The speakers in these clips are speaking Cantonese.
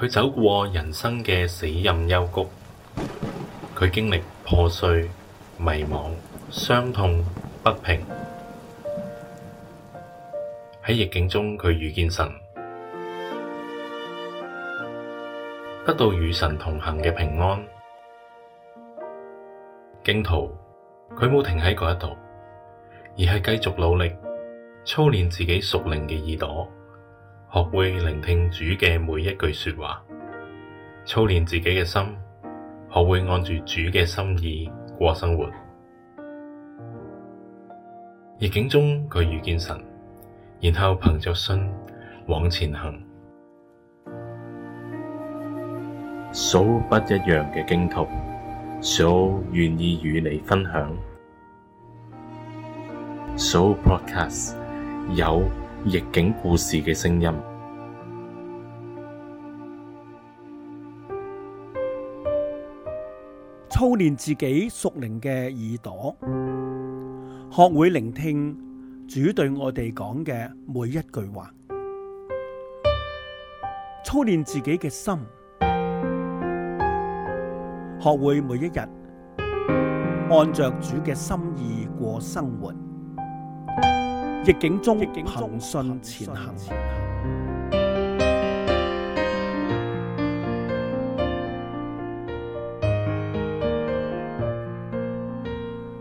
佢走過人生嘅死蔭幽谷，佢經歷破碎、迷茫、傷痛、不平。喺逆境中，佢遇見神，得到與神同行嘅平安。荊徒，佢冇停喺嗰一度，而係繼續努力操練自己屬靈嘅耳朵。學會聆聽主嘅每一句說話，操練自己嘅心，學會按住主嘅心意過生活。逆境中佢遇見神，然後憑着信往前行。數不一樣嘅荊徒，數願意與你分享。數 podcast 有。逆境故事嘅聲音，操練自己熟靈嘅耳朵，學會聆聽主對我哋講嘅每一句話。操練自己嘅心，學會每一日按着主嘅心意過生活。逆境中，憑信前行。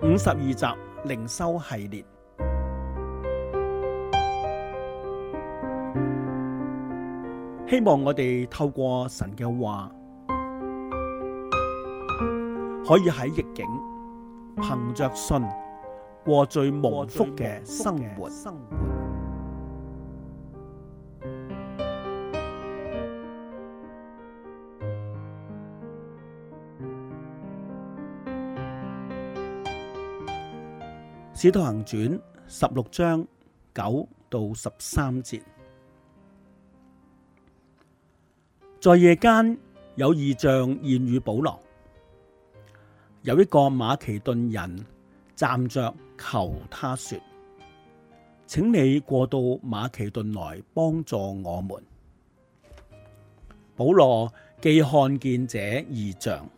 五十二集靈修系列，希望我哋透過神嘅話，可以喺逆境，憑着信。過最蒙福嘅生活，生活《使徒行傳》十六章九到十三節，在夜間有異象現與保羅，有一個馬其頓人站着。求他說，請你過到馬其頓來幫助我們。保羅既看見這異象，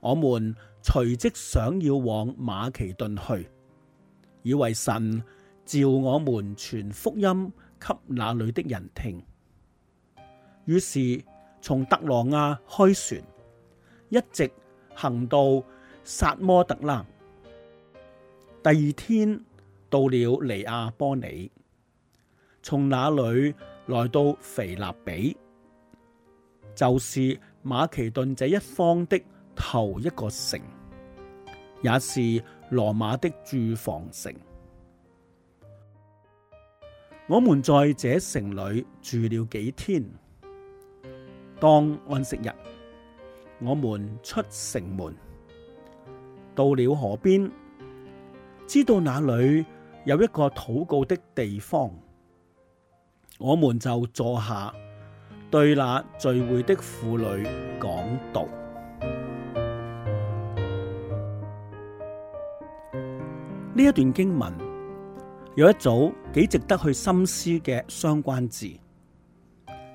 我們隨即想要往馬其頓去，以為神召我們傳福音給那裏的人聽。於是從特羅亞開船，一直行到薩摩特拉。第二天到了尼亞波尼，從那裏來到腓立比，就是馬其頓這一方的頭一個城，也是羅馬的駐防城。我們在這城裏住了幾天，當安息日，我們出城門，到了河邊。知道那裡有一個禱告的地方，我們就坐下，對那聚會的婦女講道。呢一段經文有一組幾值得去深思嘅相關字，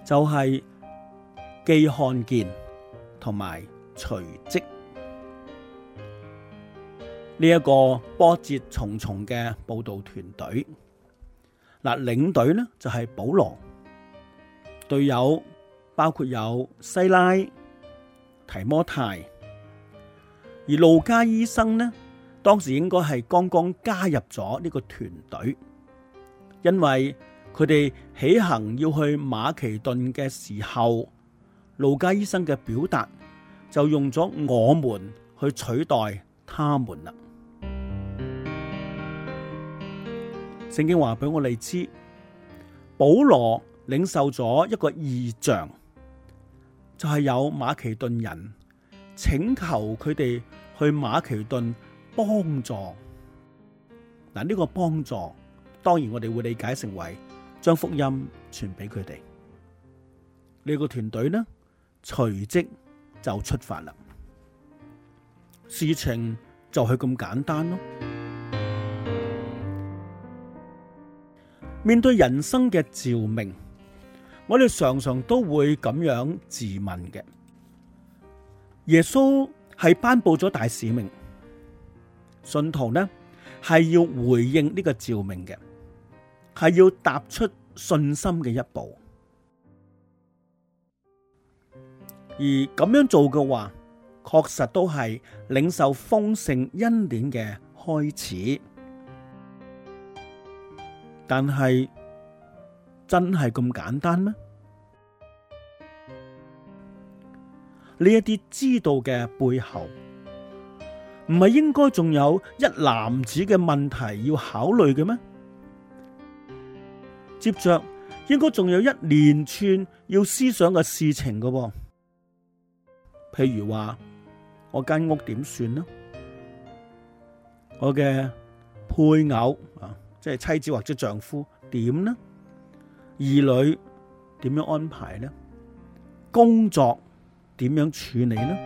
就係既看見同埋隨即。呢、這、一個波折重重嘅佈道團隊，嗱，領隊呢就係、是、保羅，隊友包括有西拉、提摩太。而路加醫生呢，當時應該係剛剛加入咗呢個團隊，因為佢哋起行要去馬其頓嘅時候，路加醫生嘅表達就用咗我們去取代他們啦。聖經話俾我哋知，保羅領受咗一個異象，就係、是、有馬其頓人請求佢哋去馬其頓幫助。嗱，呢個幫助當然我哋會理解成為將福音傳俾佢哋。呢、這個團隊呢，隨即就出發啦。事情就係咁簡單咯。面對人生嘅召命，我哋常常都會咁樣自問嘅。耶穌係頒布咗大使命，信徒呢係要回應呢個召命嘅，係要踏出信心嘅一步。而咁樣做嘅話，確實都係領受豐盛恩典嘅開始。但係真係咁簡單咩？呢一啲知道嘅背後，唔係應該仲有一男子嘅問題要考慮嘅咩？接着應該仲有一連串要思想嘅事情噶噃，哦，譬如話我間屋點算呢？我嘅配偶，即係妻子或者丈夫點呢？兒女點樣安排呢？工作點樣處理呢？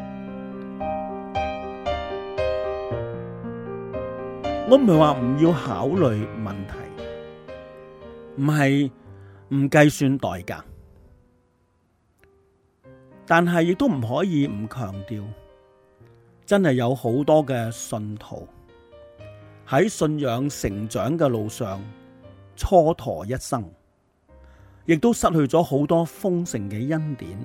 我唔係話唔要考慮問題，唔係唔計算代價，但係亦都唔可以唔強調，真係有好多嘅信徒。喺信仰成長嘅路上蹉跎一生，亦都失去咗好多豐盛嘅恩典。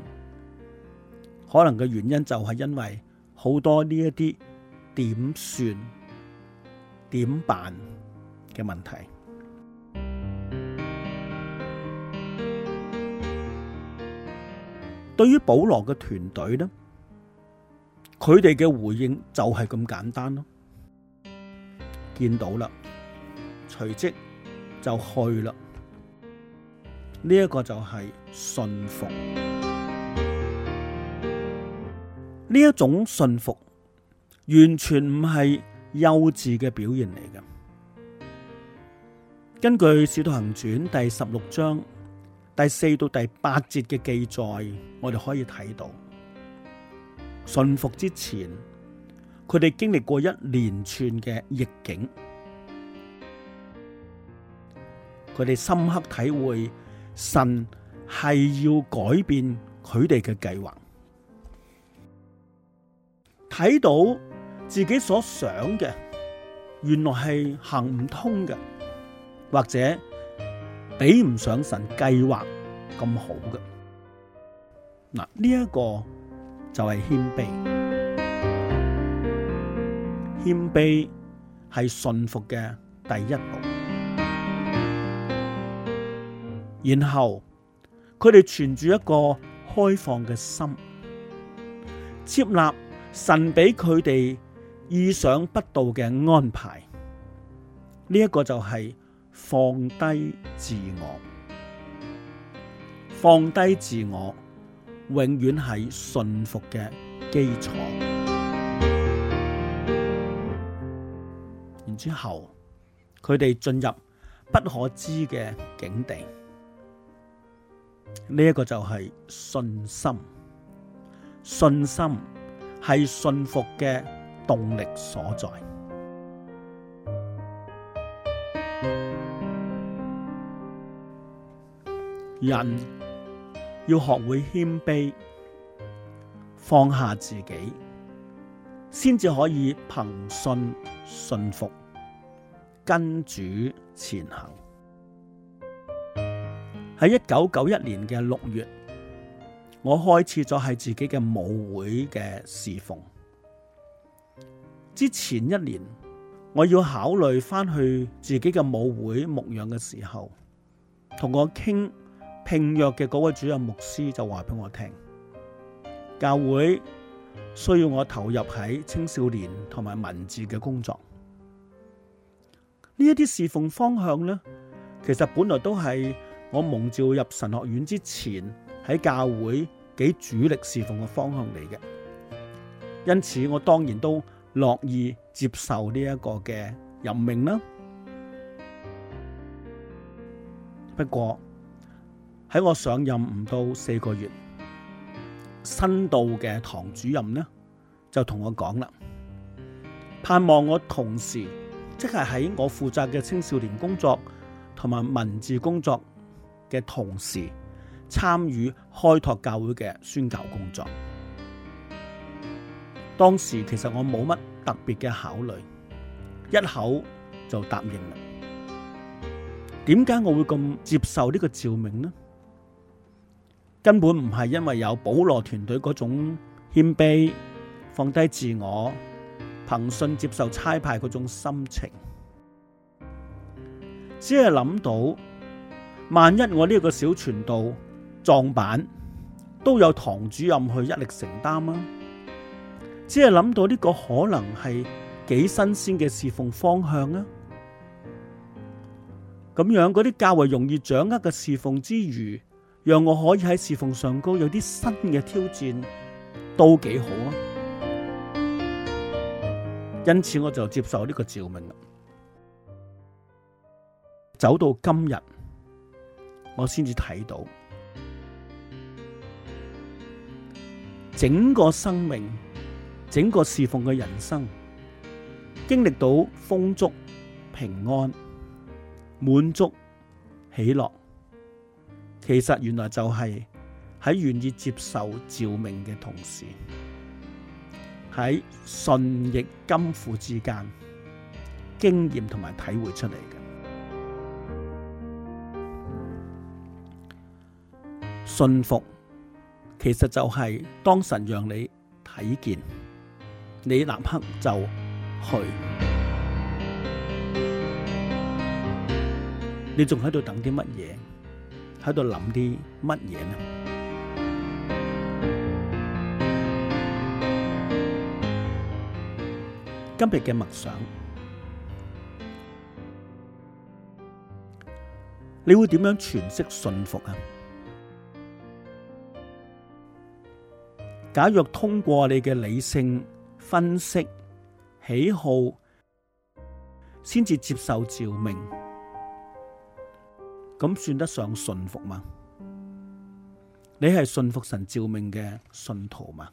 可能嘅原因就係因為好多呢一啲點算點辦嘅問題。對於保羅嘅團隊呢，佢哋嘅回應就係咁簡單咯。見到啦，隨即就去啦。呢、這、一個就係順服，呢一種順服完全唔係幼稚嘅表現嚟嘅。根據《使徒行傳》第十六章第四到第八節嘅記載，我哋可以睇到順服之前，佢哋經歷過一連串嘅逆境，佢哋深刻體會神係要改變佢哋嘅計劃，睇到自己所想嘅原來係行唔通嘅，或者比唔上神計劃咁好嘅。嗱，呢一個就係謙卑。謙卑係順服嘅第一步，然後佢哋存住一個開放嘅心，接納神俾佢哋意想不到嘅安排。呢一個就係放低自我，放低自我永遠係順服嘅基礎。之後，佢哋進入不可知嘅境地。呢一個就係信心，信心係順服嘅動力所在。人要學會謙卑，放下自己，先至可以憑信順服，跟主前行。喺一九九一年嘅六月，我開始咗喺自己嘅母會嘅侍奉。之前一年，我要考慮翻去自己嘅母會牧養嘅時候，同我傾聘約嘅嗰位主任牧師就話俾我聽：教會需要我投入喺青少年同埋文字嘅工作。呢一啲侍奉方向呢，其實本來都係我蒙召入神學院之前喺教會幾主力侍奉嘅方向嚟嘅，因此我當然都樂意接受呢一個嘅任命啦。不過喺我上任唔到四個月，新到嘅堂主任呢，就同我講啦，盼望我同時。即係喺我負責嘅青少年工作同埋文字工作嘅同時，參與開拓教會嘅宣教工作。當時其實我冇乜特別嘅考慮，一口就答應啦。點解我會咁接受呢個召命呢？根本唔係因為有保羅團隊嗰種謙卑，放低自我。憑信接受差派嗰種心情，只係諗到萬一我呢個小傳道撞板，都有堂主任去一力承擔啊！只係諗到呢個可能係幾新鮮嘅侍奉方向啊！咁樣嗰啲較為容易掌握嘅侍奉之餘，讓我可以喺侍奉上高有啲新嘅挑戰，都幾好啊！因此我就接受呢個召命走到今日，我先至睇到整個生命，整個侍奉嘅人生，經歷到豐足、平安、滿足、喜樂，其實原來就係喺願意接受召命嘅同時。喺信亦金庫之間，經驗同埋體會出嚟嘅信服，其實就係當神讓你睇見，你立刻就去。你仲喺度等啲乜嘢？喺度諗啲乜嘢呢？今日嘅默想，你會點樣詮釋順服啊？假若通過你嘅理性分析、喜好，先至接受召命，咁算得上順服嗎？你係順服神召命嘅信徒嗎？